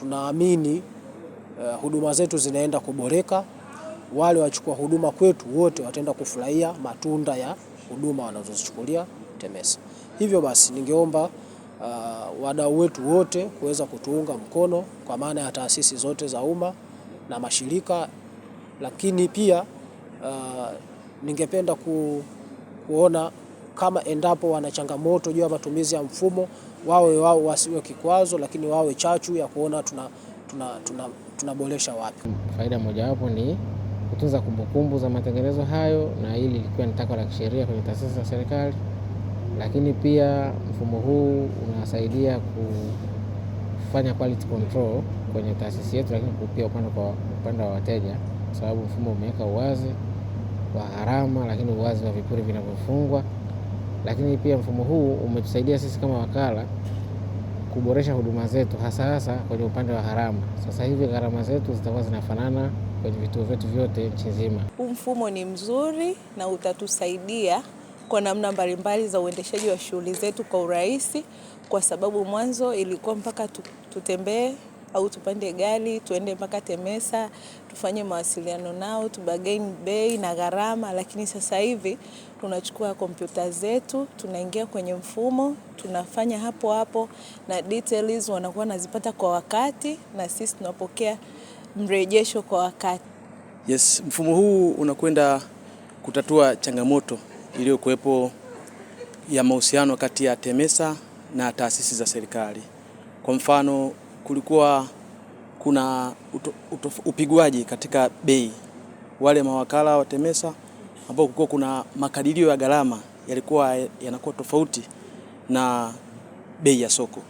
tunaamini uh, huduma zetu zinaenda kuboreka. Wale wachukua huduma kwetu wote wataenda kufurahia matunda ya huduma wanazozichukulia TEMESA. Hivyo basi, ningeomba uh, wadau wetu wote kuweza kutuunga mkono kwa maana ya taasisi zote za umma na mashirika, lakini pia uh, ningependa ku, kuona kama endapo wana changamoto juu ya matumizi ya mfumo, wawe wao wasiwe kikwazo, lakini wawe chachu ya kuona tunaboresha tuna, tuna, tuna wapi. Faida mojawapo ni kutunza kumbukumbu za matengenezo hayo, na hili likiwa ni takwa la kisheria kwenye taasisi za serikali, lakini pia mfumo huu unasaidia kufanya quality control kwenye taasisi yetu, lakini pia upande kwa upande wa wateja, kwa sababu mfumo umeweka uwazi wa gharama, lakini uwazi wa vipuri vinavyofungwa. Lakini pia mfumo huu umetusaidia sisi kama wakala kuboresha huduma zetu hasa hasa kwenye upande wa gharama. Sasa hivi gharama zetu zitakuwa zinafanana kwenye vituo vyetu vyote nchi nzima. Huu mfumo ni mzuri na utatusaidia kwa namna mbalimbali za uendeshaji wa shughuli zetu kwa urahisi, kwa sababu mwanzo ilikuwa mpaka tutembee au tupande gari tuende mpaka Temesa tufanye mawasiliano nao, tubagain bei na gharama. Lakini sasa hivi tunachukua kompyuta zetu, tunaingia kwenye mfumo, tunafanya hapo hapo, na details wanakuwa nazipata kwa wakati, na sisi tunapokea mrejesho kwa wakati. Yes, mfumo huu unakwenda kutatua changamoto iliyokuwepo ya mahusiano kati ya Temesa na taasisi za serikali. Kwa mfano kulikuwa kuna uto, uto, upigwaji katika bei. Wale mawakala wa TEMESA ambao kulikuwa kuna makadirio ya gharama yalikuwa yanakuwa tofauti na bei ya soko.